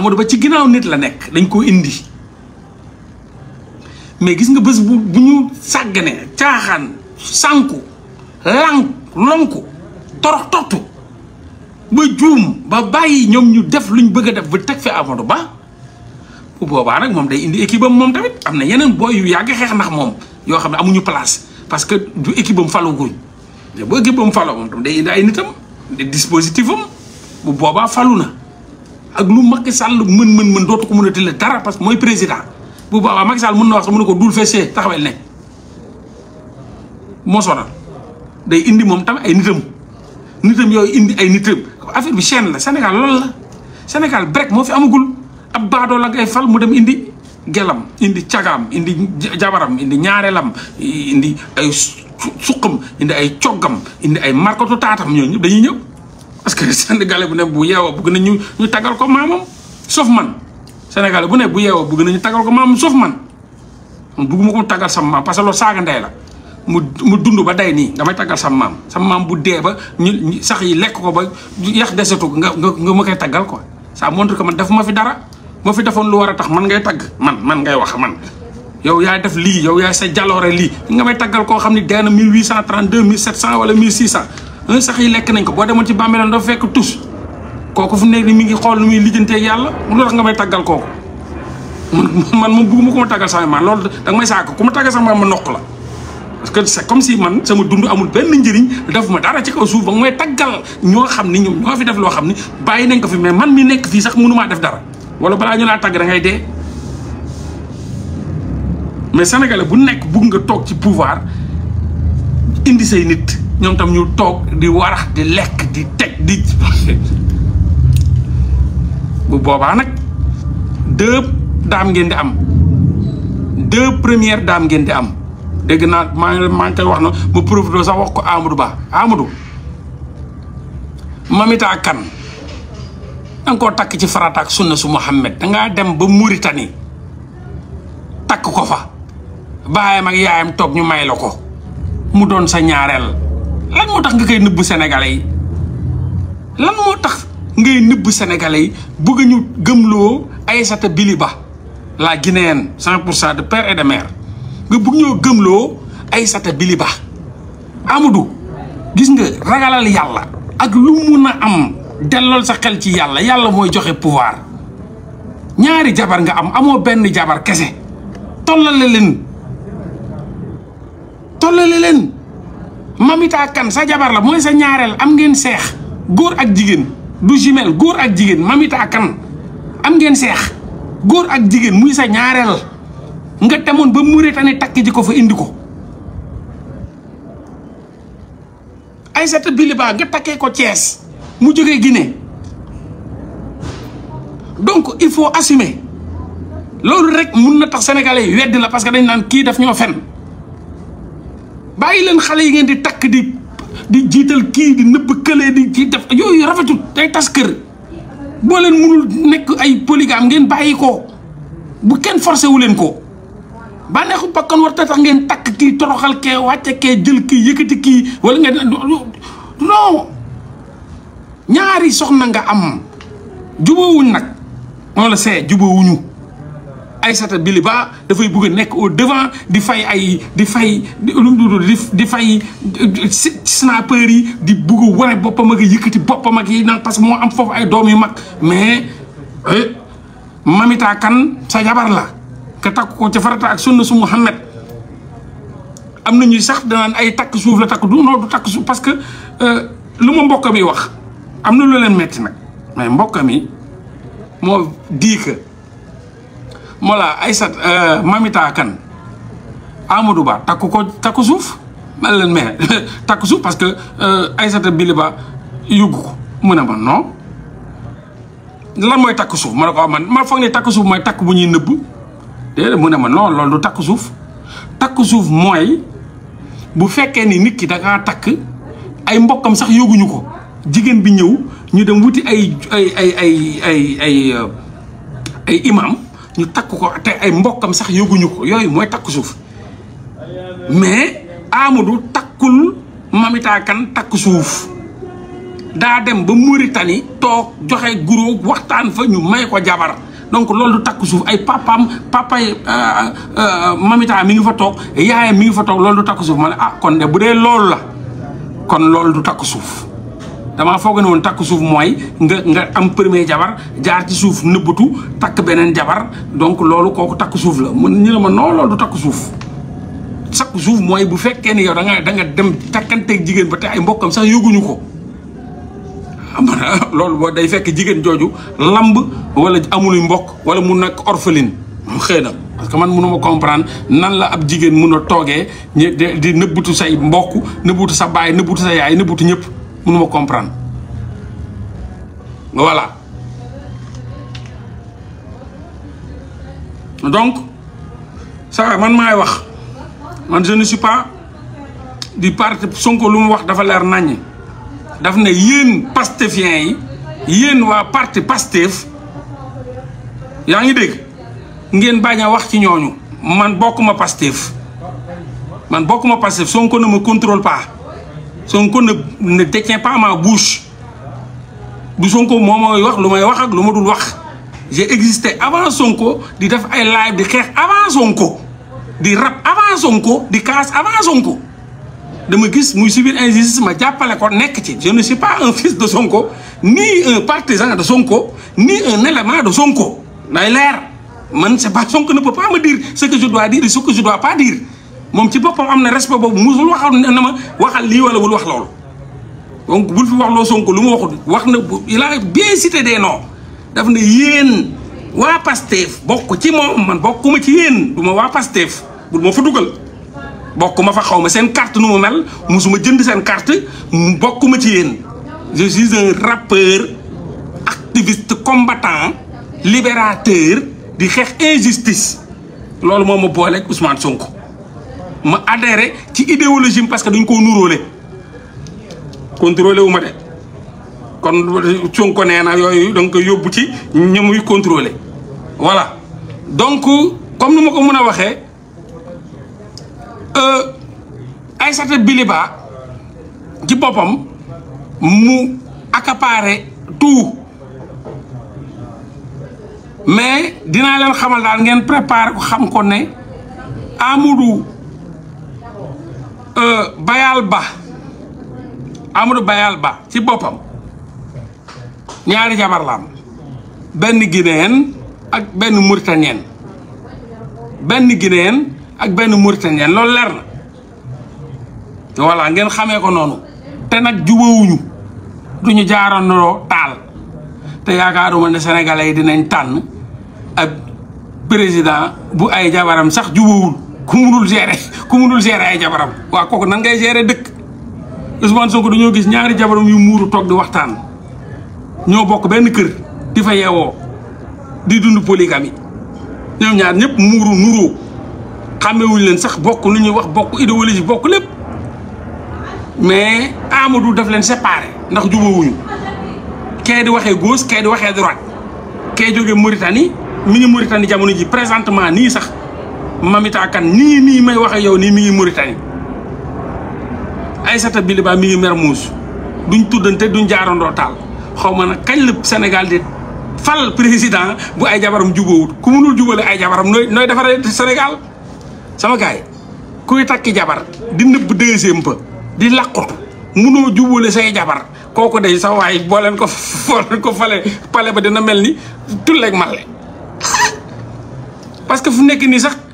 Amadou Ba ci ginnaaw nit la nekk dañ ko indi mais gis nga bés bu bu ñu sàggane caaxaan sànku lànk lonku torox tortu ba juum ba bàyyi ñu def luñ bëgg def ba teg fi Amadou Ba bu boobaa nag moom day indi équipe am moom tamit am na yeneen booy yu yàgg xeex ndax moom yoo xam ne amuñu place parce que du équipe am falu guñ te bu équipe am faloo moom day indi ay nitam di bu boobaa falu na. ak lu Macky Sall mën mën mën dootu ko mën a tële dara parce que mooy président bu boobaa Macky Sall mën na wax sax mën na ko dul fessee taxawel ne moo day indi moom tamit ay nitam nitam yooyu indi ay nitam affaire bi chaîne la Sénégal loolu la Sénégal break moo fi amagul ab baadoo la ay fal mu dem indi gelam indi cagaam indi jabaram indi ñaareelam indi ay suqam indi ay coggam indi ay markatu taatam ñooñu dañuy ñëw parce que sénégalais bu ne bu yeewoo bëgg na ñu ñu taggal ko maamam sauf man sénégalais bu nekk bu yeewoo bëgg nañu taggal ko maamam sauf man man bëgguma ko taggal sama maam parce que loolu saaga ndey mu mu dund ba day nii damay taggal sama maam sama maam bu dee ba ñu sax yi lekk ko ba yax desetu nga nga nga ma koy taggal quoi ça montre que man def ma fi dara moo fi defoon lu war a tax man ngay tagg man man ngay wax man yow yaay def lii yow yaay sa jaloore lii nga may taggal koo xam ne dee na 1832 1700 wala 1600 sax yi lekk nañ ko boo demoon ci bàmmeelam doo fekk tus kooku fu nekk ni mi ngi xool nu muy lijjantee yàlla nga may tàggal kooku man moom bëgguma ma tàggal sama maam loolu danga may saako ku ma tàggal sama maam ma noq la parce que comme si man sama dund amul benn njëriñ def ma dara ci kaw suuf ba nga may tàggal ñoo xam ni ñoom ñoo fi def loo xam ni bàyyi nañ ko fi mais man mi nekk fii sax mënumaa def dara wala balaa ñu laa tàgg da ngay dee mais sénégalais bu nekk bugg nga toog ci pouvoir indi say nit ñoom tam ñu toog di warax di lekk di teg di bu boobaa nag deux dames ngeen di am deux première dames ngeen di am dégg naa maa ngi maa ngi te wax na mu profité sax wax ko Amadou Ba Amadou Mamita Kane da nga koo takk ci farata ak sunna su Muhammad danga dem ba Mauritanie takk ko fa baayam ak yaayam toog ñu may la ko mu doon sa ñaareel lan moo tax nga koy nëbbu sénégalais yi lan moo tax ngay nëbbu sénégalais yi bëgg ñu gëmloo Aïssata Biliba la guinéenne cent pour cent de père et de mère nga bëgg ñoo gëmloo Aïssata Biliba Amadou gis nga ragalal yàlla ak lu mun a am dellool sa xel ci yàlla yàlla mooy joxe pouvoir ñaari jabar nga am amoo benn jabar kese tollale leen tollale leen mamita kan sa jabar la mooy sa ñaareel am ngeen seex góor ak jigéen du jumelle góor ak jigéen mamita kan am ngeen seex góor ak jigéen muy sa ñaareel nga demoon ba mu Mauritanie takk ji ko fa indi ko Aïssata Biliba nga takkee ko cees mu jógee Guinée donc il faut assumer loolu rek mun na tax sénégalais yi la parce que dañ naan kii def ñoo fen bàyyi leen xale yi ngeen di takk di di jiital kii di nëbb kële di ci def yooyu rafetul day tas kër boo leen mënul nekk ay polygame ngeen bàyyi ko bu kenn forcé wu leen ko bànneexu bakkan war tax ngeen takk kii toroxal kee wàcce kee jël kii yëkkati kii wala ngeen non ñaari soxna nga am jubóowuñ nag on le sait ay sata Ba dafay bugg a nekk au devant di fay ay di fay di fay snapper yi di bugg a wane boppam ak yëkkati boppam ak yi naan parce que moo am foofu ay doom yu mag mais eh, mamita kan sa jabar la ka takk ko ci farata ak sunna su Muhammad am na ñuy sax danaan ay takk suuf la takk du non du takk suuf parce que euh, lu ma mbokk mi wax am na lu metti nag mais mbokk mi moo di ay sat euh, Mamita Kane Amadou Ba takku ko takku suuf man leen mais takku suuf parce que euh, Aïssata a Ba yóbbu ko mu ne ma non lan mooy takk suuf ma ne ko ah, suuf mooy takk bu ñuy nëbb te mu ne ma noon loolu du takku suuf takku suuf mooy bu fekkee ni nit ki da ngaa takk ay mbokkam sax yóbbuñu ko jigéen bi ñëw ñu dem wuti ay ay ay ay ay ay euh, ñu takk ko te ay mbokkam sax yëguñu ko yooyu mooy takk suuf mais Amadou takkul Mamita kan takk suuf daa dem ba Mauritanie toog joxe guro waxtaan fa ñu may ko jabar donc loolu du takk suuf ay papaam papay euh, euh, Mamita mi ngi fa toog yaayam mi ngi fa toog loolu du takk suuf ma ne ah kon de bu dee loolu la kon loolu du takk suuf damaa foog ne woon takk suuf mooy nga nga am premier jabar jaar ci suuf nëbbatu takk beneen jabar donc loolu kooku takk suuf la mun ñu ne ma non loolu du takk suuf. takk suuf mooy bu fekkee ne yow da nga da nga dem takkanteeg jigéen ba te ay mbokkam sax yëguñu ko. am loolu boo day fekk jigéen jooju lamb wala amuluy mbokk wala mun nekk orpheline xëy na parce que man mënuma comprendre nan la ab jigéen mun a toogee di nëbbutu say mbokk nëbbutu sa baay nëbbutu sa yaay nëbbutu ñëpp. mënuma comprendre voilà donc ça man maay wax man je ne suis pas du Sonko lu mu wax dafa leer naññ daf na ne yéen pastefiens yi yéen waa parti Pastef yaa ngi dégg ngeen bañ a wax ci ñooñu man bokkuma Pastef man bokkuma Pastef Sonko na mu contrôle pas Sonko ne ne détient pas ma bouche du Sonko moo mooy wax lu may wax ak lu ma dul wax j'ai existé avant Sonko di def ay live di xeex avant Sonko di rap avant Sonko di casse avant Sonko dama gis muy subir injustice ma jàppale ko nekk ci je ne suis pas un fils de Sonko ni un partisan de Sonko ni un élément de Sonko day leer man c'est pas Sonko ne peut pas me dire ce que je dois dire ce que je dois pas dire moom ci boppam am na respect boobu musul waxal na ma waxal lii wala wul wax loolu donc bul fi wax loo Sonko lu ma waxut wax na bu a bien cité des noms daf ne yéen waa Pastef bokk ci moom man bokkuma ci yéen du ma waa Pastef bul ma fa dugal bokkuma fa xaw ma seen carte nu mu mel musuma jënd seen carte bokkuma ci yéen je suis un rappeur activiste combattant libérateur di xeex injustice loolu moom ma booleeg Ousmane Sonko ma adhéré ci idéologie parce que dañ koo nuróole contrôlé wu ma de kon Sonko nee na yooyu da nga yóbbu ci ñi muy contrôlé voilà donc comme nu ma ko mën a waxee euh, Aïssata Biliba ci boppam mu accaparé tout mais dinaa leen xamal daal ngeen préparé ko xam ko ne Amadou Euh, Bayal Ba Amadou Bayal Ba ci boppam ñaari jabar benn guinéen ak benn mauritanien benn guinéen ak benn mauritanien loolu leer na voilà ngeen xamee ko noonu te nag jubawuñu du ñu jaarandoo taal te yaakaaruma ne sénégalais yi dinañ tànn ak président bu ay jabaram sax jubawul ku munul gérer ku munul gérer ay jabaram waaw kooku nan ngay gérer dëkk Ousmane Sonko dañoo gis ñaari jabaram yu muuru toog di waxtaan ñoo bokk benn kër di fa yeewoo di dund polygamie ñoom ñaar ñëpp muuru nuroo xàmmewuñu leen sax bokk lu ñuy wax bokk idéologie bokk lépp mais aamadul def leen séparé ndax jubawuñu kee di waxee gauche kee di waxee droite kee jógee Mauritanie mi ngi Mauritanie jamono ji présentement nii sax Mamita Kane nii nii may wax ak yow nii mu ngi Mauritanie Aïssata Bili Ba mi ngi Mermoz duñ tuddante duñ jaarandoo taal xaw ma nag kañ la Sénégal di fal président bu ay jabaram jubóowut ku munul jubale ay jabaram nooy nooy defaree Sénégal sama gars yi jabar di nëbb deuxième ba di làqutu munoo jubale say jabar kooku de sa waay boo leen ko boo fale pale ba dina mel ni tulleeg male parce fu nekk nii sax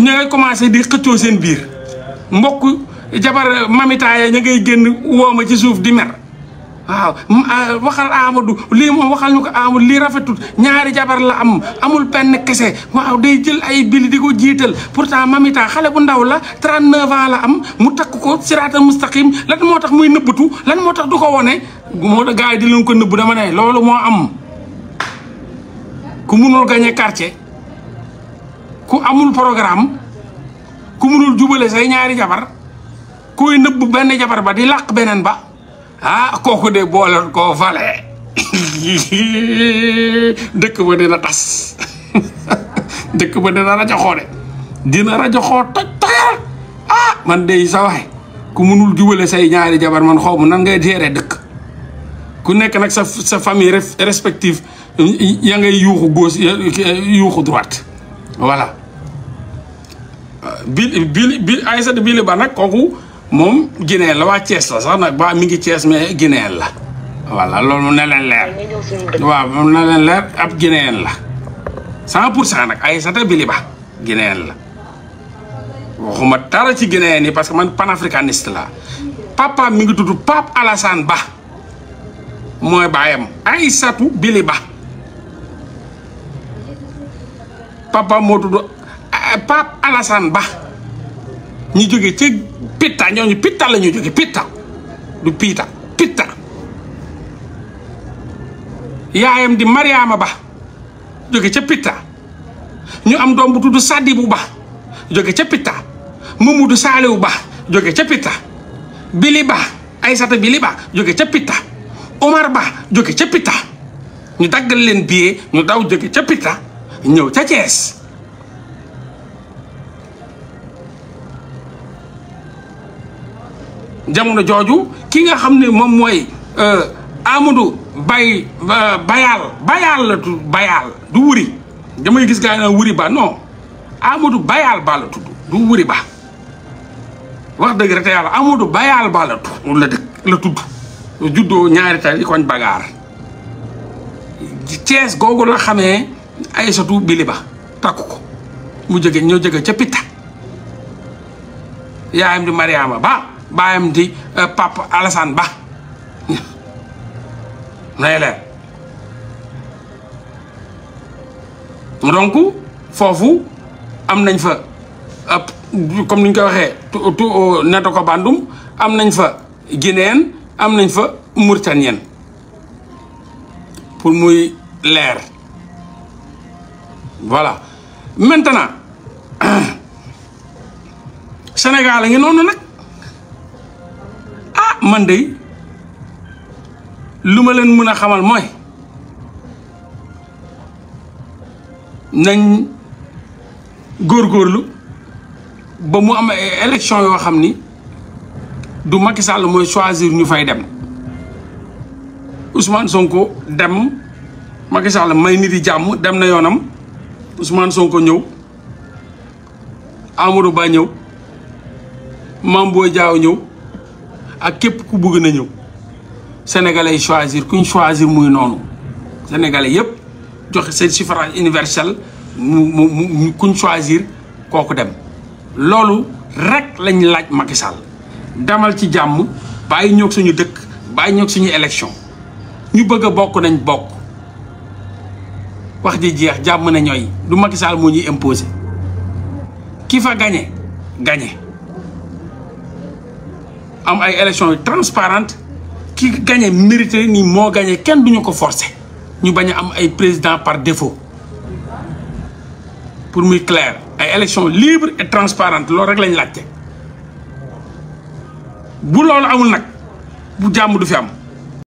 ña ngay commencé di xëccoo seen biir mbokk jabar mamitaaya ña ngay génn wooma ci suuf di mer waaw ah, waxal Amadou lii moom waxal ñu ko Amadou lii rafetul ñaari jabar la am amul benn kese waaw day jël ay bili di ko jiital pourtant mamita xale bu ndaw la 39 ans la am mu takk ko siraatal mustaqim lan moo tax muy nëbbatu lan moo tax du ko wone moo gars yi di leen ko nëbb dama ne loolu moo am ku munul gagné quartier ku amul programme ku munul jubale say ñaari jabar kuy nëbb benn jabar ba di làq beneen ba ah kooku de boole koo vale dëkk ba dina tas dëkk ba dina rajoxoo de dina rajo toj tojal ah, man de sa waay ku munul jubale say ñaari jabar man xaw ma nan ngay gérer dëkk ku nekk nag sa sa famille respective ya ngay yuuxu gauche yuuxu droite voilà bi bi bi Aïssata Bily Ba nag kooku moom Guinée la waa Thiès la sax nag ba mi ngi Thiès mais Guinée la voilà loolu mu ne leen leer waaw mu ne leen leer ab Guinée la cent pour cent nag Aïssata Bily Ba Guinée la waxuma dara ci Guinée ni parce que man panafricaniste la papa mi ngi tudd Pape Alassane Ba mooy baayam Aïssata Bily Ba papa moo tudd Eh, Pape Alassane Ba ñu jóge ca Pitta ñooñu Pitta la ñu jóge Pitta du piita Pitta yaayam di Mariama Ba jóge ca Pitta ñu am doom bu tudd Sadibou Ba jóge ca Pitta Mamadou Saliou Ba jóge ca Pitta Bili Ba Aysata Bili Ba jóge ca Pitta Omar Ba jóge ca Pitta ñu daggal leen billet ñu daw jóge ca Pitta ñëw ca Thiès jamono jooju ki nga xam ne moom mooy euh, Amadou Bay euh, Bayal Bayal la tudd du wuri damay gis gaa yi naan wuri ba non Amadou Bayal ba la tudd du wuri ba wax dëgg rek yàlla Amadou Bayal ba la tudd la dëkk la tudd juddoo ñaari tali koñ bagaar Cees googu la xamee Aysatu bili ba takku ko mu jóge ñoo jóge ca Pitta yaayam di Mariama Ba baayam di euh, pap Alassane Ba nay leer donc foofu am nañ fa comme ni koy ko waxee tu neto bandum am nañ fa guinéen am nañ fa mauritanien pour muy leer voilà maintenant Sénégal a ngi noonu nag man de lu ma leen mën a xamal mooy nañ góor góorlu ba mu am ay élection yoo xam ni du Macky Sall mooy choisir ñu fay dem Ousmane Sonko dem Macky may nit yi jàmm dem na yoonam Ousmane Sonko ñëw Amadou baa ñëw Mame Boye Diao ñëw. ak képp ku bëgg na ñëw sénégalais choisir kuñ choisir muy noonu sénégalais yëpp jox seen suffrage universel mu mu kuñ choisir kooku dem loolu rek lañu laaj Macky damal ci jàmm bàyyi ñoog suñu dëkk bàyyi ñoog suñu élection ñu bëgg a bokk nañ bokk wax ji jeex jàmm na ñooy du Macky Sall moo ñuy imposé ki fa gañe gañe am ay élections yu transparente ki gagné mérité ni moo gagné kenn duñu ko forcer ñu bañ a am ay président par défaut pour muy clair ay élections libres et transparentes loolu rek lañ laajte bu loolu amul nag bu jàmm du fi am.